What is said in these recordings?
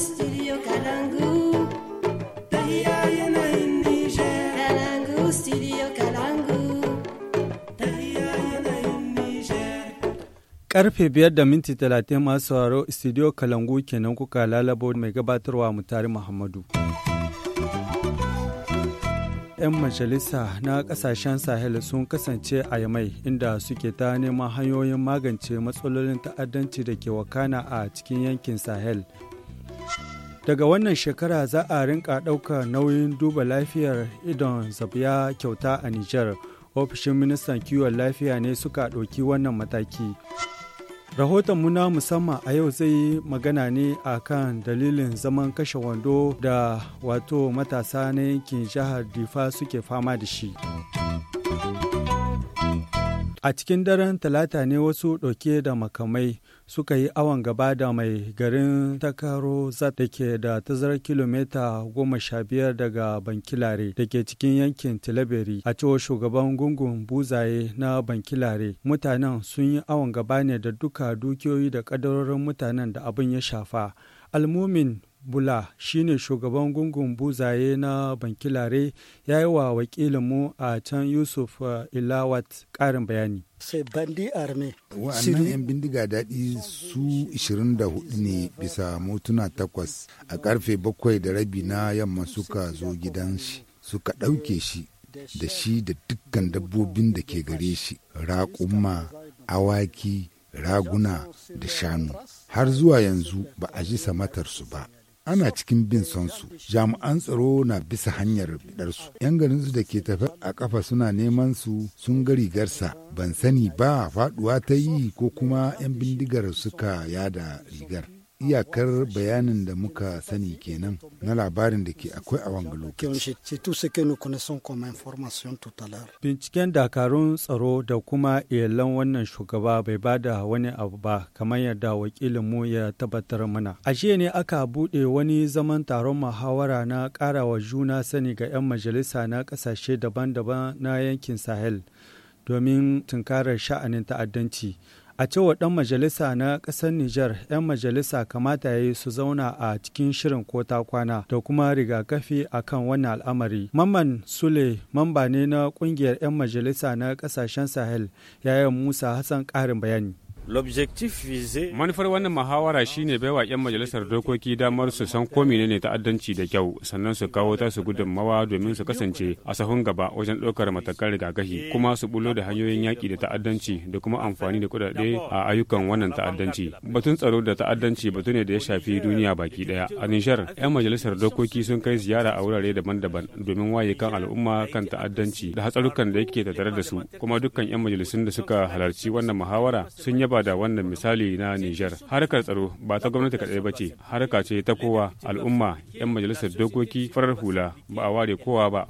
studio Karfe biyar da minti talatin masu sauraro studio Kalangu kenan kuka lalabo mai gabatarwa mutari Muhammadu. 'yan majalisa na kasashen sahel sun kasance a yamai inda suke ta neman hanyoyin magance matsalolin ta'addanci da ke wakana a cikin yankin sahel daga wannan shekara za a rinka ɗaukar nauyin duba lafiyar idon zabiya kyauta a Nijar. Ofishin ministan kiwon lafiya ne suka ɗauki wannan mataki. Rahotonmu na musamman a yau zai yi magana ne a kan dalilin zaman kashe wando da wato matasa na yankin jihar Difa suke fama da shi. A cikin daren talata ne wasu ɗauke da makamai suka yi awon gaba da mai garin takaro da ke da tazarar kilomita goma sha biyar daga bankilare da ke cikin yankin tilaberi a cewar shugaban gungun buzaye na bankilare mutanen sun yi awon gaba ne da duka dukiyoyi da kadarorin mutanen da abin ya shafa almumin Bula shine shugaban gungun buzaye na Bankilare ya yi wa wakilinmu a can Yusuf uh, Ilawat ƙarin bayani. sai bandi arme. Wa'annan 'yan bindiga daɗi su 24 ne bisa motuna takwas a karfe bakwai da rabi na yamma suka zo gidan shi suka ɗauke shi da shi da dukkan dabbobin da ke gare shi raƙumma awaki raguna da shanu har zuwa yanzu ba a ji samatarsu ba ana cikin bin sonsu jami'an tsaro na bisa hanyar bidarsu yan garinsu da ke tafe a kafa suna neman su sun ga rigarsa ban sani ba faduwa ta yi ko kuma yan bindigar suka yada rigar iyakar bayanin da muka sani kenan na labarin da ke akwai a wanga Binciken dakarun tsaro da kuma iyalan wannan shugaba bai ba da wani abu ba kamar yadda wakilinmu ya tabbatar mana. a Ashe ne aka bude wani zaman taron muhawara na karawa juna sani ga 'yan majalisa na kasashe daban-daban na yankin Sahel domin tunkarar sha'anin ta'addanci. A cewa ɗan majalisa na ƙasar Nijar, 'yan majalisa kamata ya yi su zauna a cikin shirin ko kwana da kuma rigakafi a kan wannan al'amari. Mamman Sule, mamba ne na ƙungiyar 'yan majalisa na ƙasashen Sahel, yayin Musa Hassan ƙarin bayani. Manufar wannan muhawara shine baiwa 'yan majalisar dokoki damar su san ko menene ta'addanci da kyau sannan su kawo ta su gudunmawa domin su kasance a sahun gaba wajen ɗaukar matakan rigakafi kuma su bulo da hanyoyin yaƙi da ta'addanci da kuma amfani da kuɗaɗe a ayyukan wannan ta'addanci. Batun tsaro da ta'addanci batu ne da ya shafi duniya baki ɗaya. A nishar 'yan majalisar dokoki sun kai ziyara a wurare daban-daban domin waye kan al'umma kan ta'addanci da hatsarukan da yake tattare da su kuma dukkan 'yan majalisun da suka halarci wannan muhawara sun yi ba da wannan misali na Nijar. Harkar tsaro ba ta gwamnati kaɗai ba ce, harka ce ta kowa, al'umma, 'yan majalisar dokoki, farar hula, ba a ware kowa ba.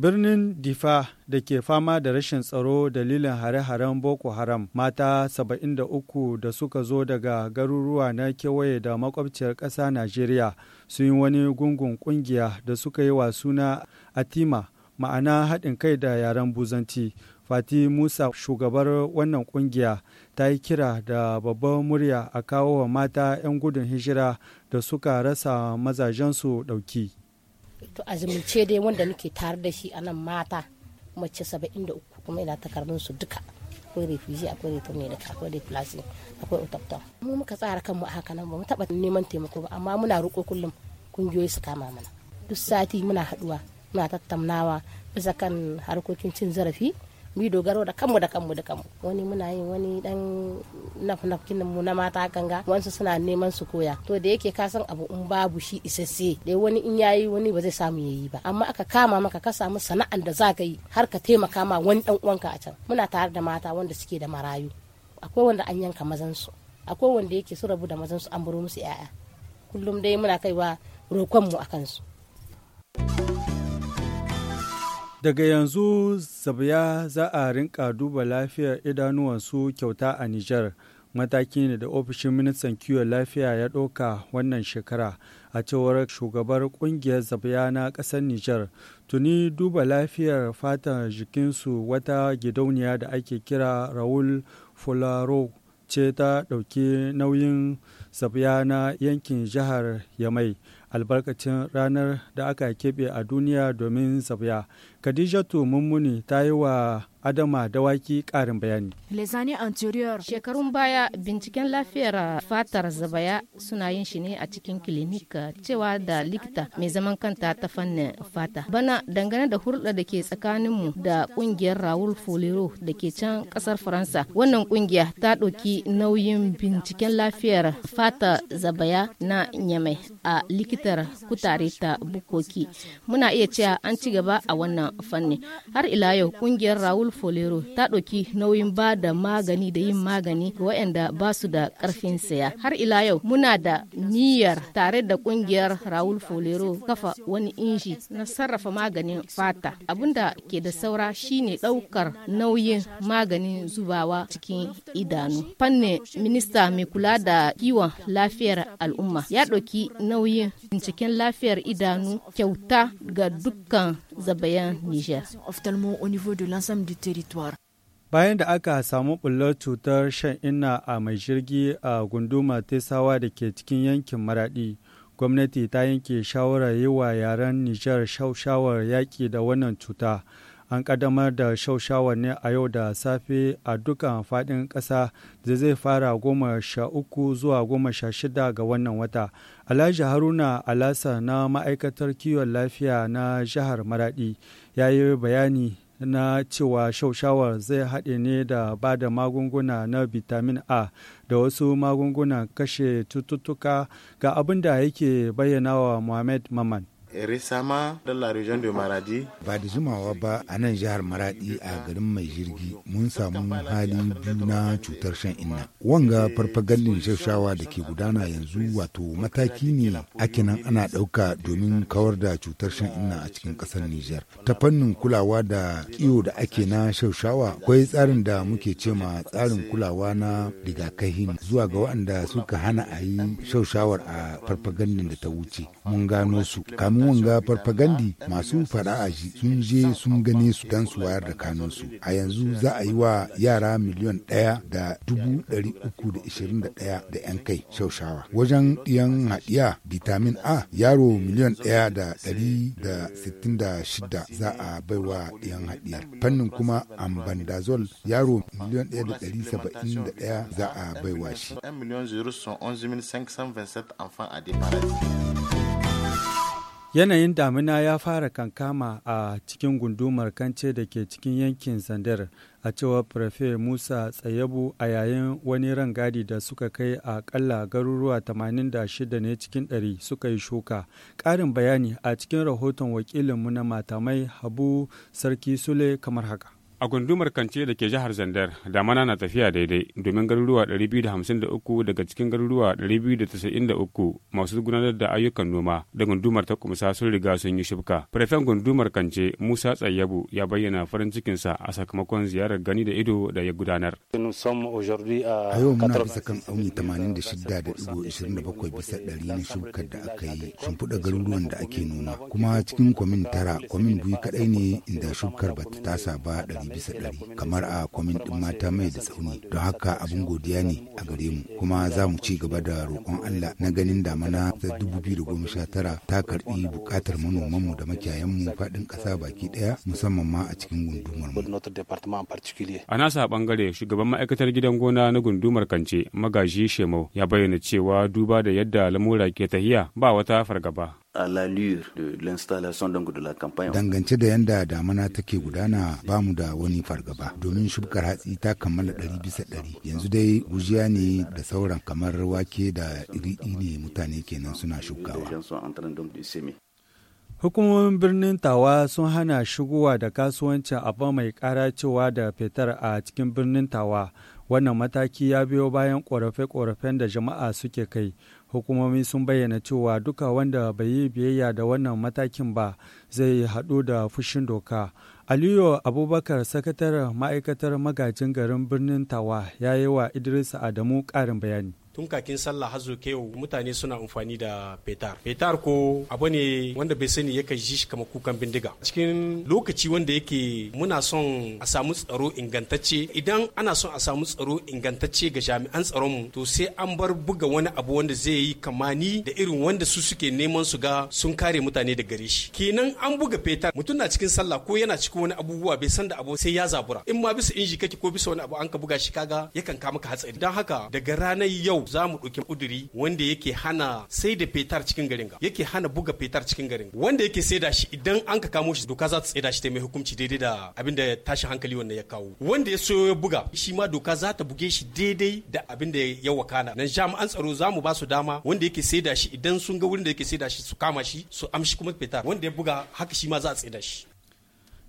Birnin Difa da ke fama da rashin tsaro dalilin hare-haren Boko Haram mata 73 da suka zo daga garuruwa na kewaye da makwabciyar ƙasa Najeriya sun yi wani gungun kungiya da suka yi wa suna Atima ma'ana haɗin kai da yaren buzanci fati musa shugabar wannan kungiya ta yi kira da babban murya a kawo wa mata 'yan gudun hijira da suka rasa mazajensu dauki to azumce dai wanda nake tare da shi anan mata mace 73 kuma ina takardun su duka akwai refugee akwai returne da akwai replace akwai utapta mu muka tsara kanmu a haka nan ba mu taba neman taimako ba amma muna roƙo kullum kungiyoyi su kama mana duk sati muna haduwa muna tattaunawa bisa kan harkokin cin zarafi mu dogaro da kanmu da kanmu da kanmu wani muna yin wani dan naf mu na mata ganga. wansu suna neman su koya to da yake ka san abu in babu shi isasse dai wani in yayi wani ba zai samu yayi ba amma aka kama maka ka samu sana'an da za ka yi har ka taimaka ma wani dan uwanka a can muna tare da mata wanda suke da marayu akwai wanda an yanka mazan su akwai wanda yake su rabu da mazan su an buru musu 'ya'ya kullum dai muna kaiwa roƙon mu akan su Daga yanzu zabya za a rinka duba lafiyar idanuwansu kyauta a Nijar. Mataki ne da ofishin ministan kiwon lafiya ya ɗauka wannan shekara a cewar shugabar ƙungiyar zabiya na ƙasar Nijar. Tuni duba lafiyar fatan jikinsu wata gidauniya da ake kira Raul Fularo ce ta ɗauki nauyin zabiya na yankin jihar Yamai albarkacin ranar da aka keɓe a duniya domin zabiya. Khadijatu Mummuni ta yi wa Adama Dawaki ƙarin bayani. Lezani anterior shekarun baya binciken lafiyar fatar zabaya suna yin shi ne a cikin kilinik cewa da likita mai zaman kanta ta fannin fata. Bana dangane da hulɗa da ke tsakaninmu da ƙungiyar Raoul Folero da ke can ƙasar Faransa. Wannan ƙungiya ta ɗauki nauyin binciken lafiyar fata zabaya na nyame a likitar kutare ta Bukoki. Muna iya cewa an ci gaba a wannan fanni har ila yau kungiyar raul folero ta ɗauki nauyin ba da magani da yin magani ga waɗanda ba su da ƙarfin saya har ila yau muna da niyyar tare da kungiyar raul folero kafa wani inji na sarrafa maganin fata abinda ke da saura shine ɗaukar nauyin maganin zubawa cikin idanu fannin minista mai kula da kiwon lafiyar al'umma ya ɗauki nauyin binciken lafiyar idanu kyauta ga dukkan zabayan Niger. Bayan da aka samu bullar cutar shan inna a mai jirgi a gunduma Tesawa da ke cikin yankin Maradi, gwamnati ta yanke shawarar yi wa yaren Nijar shawar yaƙi da wannan cuta. an ƙaddamar da shaushawar ne a yau da safe a dukkan fadin kasa da zai fara goma sha uku zuwa goma sha shida ga wannan wata. Alhaji Haruna Alasa na ma'aikatar kiwon lafiya na jihar Maraɗi ya yi bayani na cewa shaushawar zai haɗe ne da ba da magunguna na vitamin a da wasu magunguna kashe cututtuka ga abin da yake bayyana wa mohamed maman récemment la région de Maradi. Ba da jimawa ba a nan jihar Maradi a garin mai jirgi mun samu hali biyu na cutar shan inna. Wanga farfagallin shashawa da ke gudana yanzu wato mataki ne ake nan ana ɗauka domin kawar da cutar shan inna a cikin ƙasar Nijar. Ta fannin kulawa da kiwo da ake na shashawa akwai tsarin da muke cema tsarin kulawa na rigakafi zuwa ga waɗanda suka hana a yi shashawar a farfagallin da ta wuce. Mun gano su kamin domin wanga farfagandi masu fara'aji sun je sun gane su don su wayar da kanunsu a yanzu za a yi wa yara miliyon ɗaya da dubu ɗari uku da ishirin da ɗaya da yan kai shaushawa wajen ɗiyan haɗiya vitamin a yaro miliyon ɗaya da ɗari da sittin da shida za a baiwa ɗiyan haɗiyar fannin kuma ambandazol yaro miliyon ɗaya da ɗari saba'in da ɗaya za a baiwa shi. 1 million 527 enfants à des maladies. Yanayin damina ya fara kankama a cikin gundumar Kance da ke cikin yankin Zandar, a cewar Prefe Musa Tsayabu a yayin wani rangadi da suka kai a kalla garuruwa 86 ne cikin 100 suka yi shuka. Ƙarin bayani a cikin rahoton wakilinmu na matamai Habu Sarki Sule kamar haka. A gundumar Kance da ke jihar Zandar, damana na tafiya daidai domin garuruwa 253 daga cikin garuruwa 293 masu gudanar da ayyukan noma da gundumar ta kumsa sun riga sun yi shifka. Prefen gundumar Kance Musa Tsayyabu ya bayyana farin cikinsa a sakamakon ziyarar gani da ido da ya gudanar. A yau muna bisa kan tsauni 86.27 bisa ɗari na shukar da aka yi shimfiɗa garuruwan da ake noma kuma cikin kwamin tara kwamin biyu kaɗai ne inda shukar ba ta tasa ba ɗari bisa ɗari kamar a kwamin ɗin mata mai da tsauni don haka abin godiya ne a gare mu kuma za mu ci gaba da roƙon Allah na ganin da mana ta tara ta karɓi buƙatar mu da makiyayan mu faɗin ƙasa baki ɗaya musamman ma a cikin gundumar mu. A nasa ɓangare shugaban ma'aikatar gidan gona na gundumar Kance magaji shemo ya bayyana cewa duba da yadda lamura ke tahiya ba wata fargaba. Dangance da yanda damana take gudana ba mu da wani fargaba domin shubkar hatsi ta kammala ɗari bisa ɗari. Yanzu dai gujiya ne da sauran kamar wake da iri ne mutane kenan suna shukawa. Hukumomin birnin Tawa sun hana shigowa da kasuwancin abu mai kara cewa da fetar a cikin birnin Tawa. Wannan mataki ya biyo bayan ƙorafe korafen da jama'a suke kai. hukumomi sun bayyana cewa duka wanda bai yi biyayya da wannan matakin ba zai haɗu da fushin doka aliyu abubakar sakataren ma'aikatar magajin garin birnin tawa ya yi wa idris adamu ƙarin bayani tun kakin sallah har kewu mutane suna amfani da fetar fetar ko abu ne wanda bai sani yakan ji shi kamar kukan bindiga cikin lokaci wanda yake muna son a samu tsaro ingantacce idan ana son a samu tsaro ingantacce ga jami'an tsaron mu to sai an bar buga wani abu wanda zai yi kamani da irin wanda su suke neman su ga sun kare mutane da gare shi kenan an buga fetar mutum na cikin sallah ko yana cikin wani abubuwa bai san da abu sai ya zabura in ma bisa inji kake ko bisa wani abu an ka buga shi kaga yakan ka maka hatsari dan haka daga ranar yau yau za mu ɗauki ƙuduri wanda yake hana sai da fetar cikin garin ga yake hana buga fetar cikin garin wanda yake sai da shi idan an ka kamo shi doka za ta da shi ta mai hukunci daidai da abin da tashi hankali wannan ya kawo wanda ya soyo ya buga shi ma doka za ta buge shi daidai da abin da ya wakana nan jami'an tsaro za mu ba su dama wanda yake sai da shi idan sun ga wurin da yake sai da shi su kama shi su amshi kuma fetar wanda ya buga haka shi ma za a da shi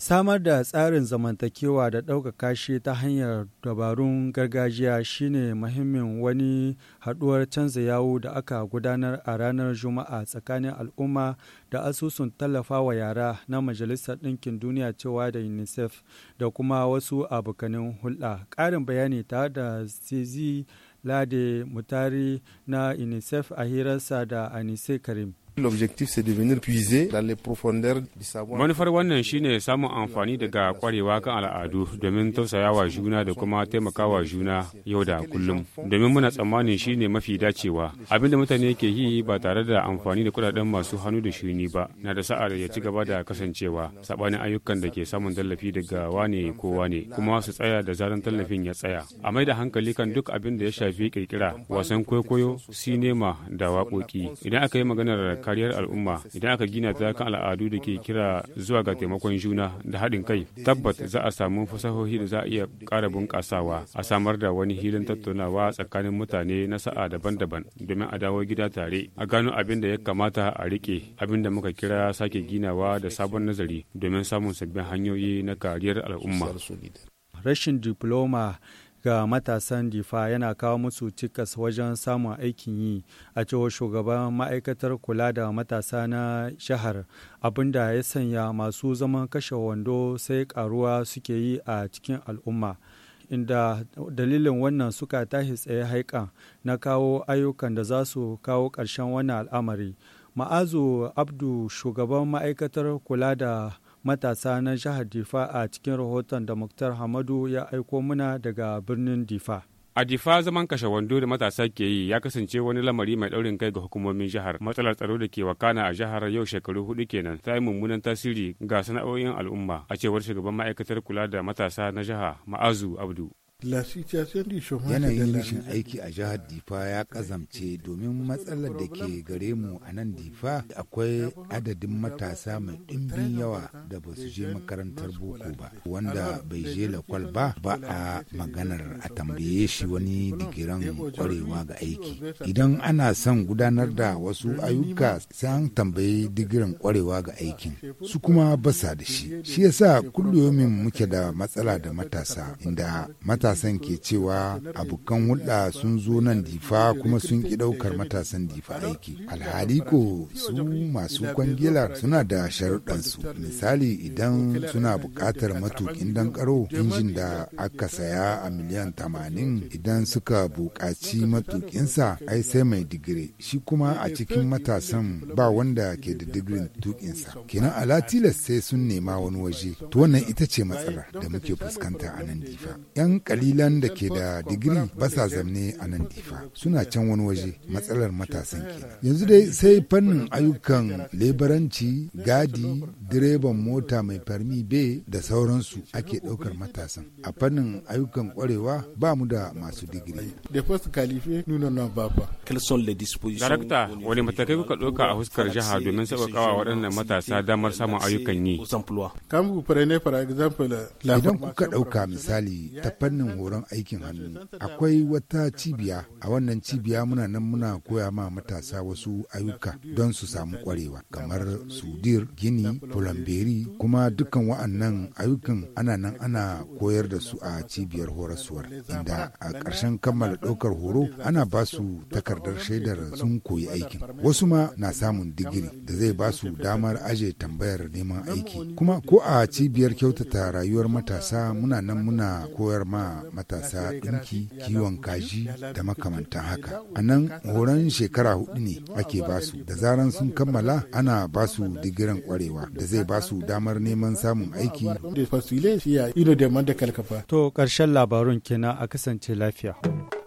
Samar da tsarin zamantakewa da ɗaukaka shi ta hanyar dabarun gargajiya shine muhimmin wani haɗuwar canza yawu da aka gudanar a ranar Juma'a tsakanin al'umma da asusun tallafawa yara na Majalisar Ɗinkin Duniya cewa da UNICEF da kuma wasu abokanin hulɗa. Ƙarin bayani ta da Zizi Lade Mutari na UNICEF a hirarsa da Anise Karim. L'objectif c'est de venir puiser dans les profondeurs du savoir. Manufar wannan shine samun amfani daga kwarewa kan al'adu domin tausayawa juna da kuma taimakawa juna yau da kullum. Domin muna tsammanin shine mafi dacewa. Abinda mutane ke yi ba tare da amfani da kudaden masu hannu da shuni ba na da sa'ar ya ci gaba da kasancewa sabanin ayyukan da ke samun tallafi daga wane ko wane kuma su tsaya da zaran tallafin ya tsaya. A mai da hankali kan duk abin da ya shafi kirkira wasan kwaikwayo, sinema da waƙoƙi. Idan aka yi maganar kariyar al'umma idan aka gina ta kan al'adu da ke kira zuwa ga taimakon juna da haɗin kai tabbat za a samu fasahohi da za a iya ƙara bunƙasawa a samar da wani hilin tattaunawa tsakanin mutane na sa'a daban-daban domin a dawo gida tare a gano abin da ya kamata a riƙe abin da muka kira sake ginawa da sabon nazari domin samun sabbin hanyoyi na kariyar al'umma rashin diploma ga matasan difa yana kawo musu cikas wajen samun aikin yi a cewar shugaban ma'aikatar kula da matasa na shahar abinda ya sanya masu zaman kashe wando sai karuwa suke yi a cikin al'umma inda dalilin wannan suka tahi tsaye haika na kawo ayyukan da za su kawo ƙarshen wannan al'amari ma'azu abdu shugaban ma'aikatar kula da matasa na jihar Difa a cikin rahoton da Muktar Hamadu ya aiko muna daga birnin Difa. a difa zaman kashe wando da matasa ke yi ya kasance wani lamari mai daurin kai ga hukumomin jihar matsalar tsaro da ke wakana a jihar yau shekaru hudu kenan ta yi mummunan tasiri ga sana'o'in al'umma a cewar shugaban ma'aikatar kula da matasa na jiha ma'azu abdu Yanayin rashin aiki a jihar Difa ya kazamce domin matsalar da ke gare mu a nan Difa akwai adadin matasa mai ɗimbin yawa da ba su je makarantar boko ba wanda bai je lakwal ba ba a maganar a tambaye shi wani digiran kwarewa ga aiki. Idan ana son gudanar da wasu ayyuka san tambaye tambayi digiran kwarewa ga aikin su kuma basa da shi. Shi yasa kullumin muke da matsala da matasa inda matasan ke cewa abokan hulɗa sun zo nan difa kuma sun ki ɗaukar matasan difa aiki. Alhali ko su masu kwangila suna da sharuɗansu. Misali idan suna buƙatar matukin dankaro injin da aka saya a miliyan tamanin idan suka buƙaci matukinsa ai sai mai digiri Shi kuma a cikin matasan ba wanda ke da digirin tukinsa. Kenan ala tilas sai sun nema wani waje. To wannan ita ce matsala da muke fuskanta a nan difa. dalilan da ke da digiri ba sa zamne a nan difa suna can wani waje matsalar matasan ke yanzu dai sai fannin ayyukan lebaranci gadi direban mota mai farmi be da sauransu ake ɗaukar matasan a fannin ayyukan kwarewa ba mu da masu digiri darakta wani matakai kuka ɗauka a fuskar jiha domin sauƙaƙawa waɗannan matasa damar samun ayyukan yi idan kuka ɗauka misali ta fannin samun horon aikin hannu akwai wata cibiya a wannan cibiya muna nan muna koya ma matasa wasu ayyuka don su samu kwarewa kamar sudir gini fulamberi kuma dukkan wa'annan ayyukan ana nan ana koyar da su a cibiyar horaswar inda a ƙarshen kammala ɗaukar horo ana ba su takardar shaidar sun koyi aikin wasu ma na samun digiri da zai ba su damar aje tambayar neman aiki kuma ko a cibiyar kyautata rayuwar matasa muna nan muna koyar ma matasa ɗinki kiwon kaji da makamantan haka a nan horon shekara hudu ne ake basu da zaran sun kammala ana basu digiran kwarewa da zai basu damar neman samun aiki to karshen labarun kenan a kasance lafiya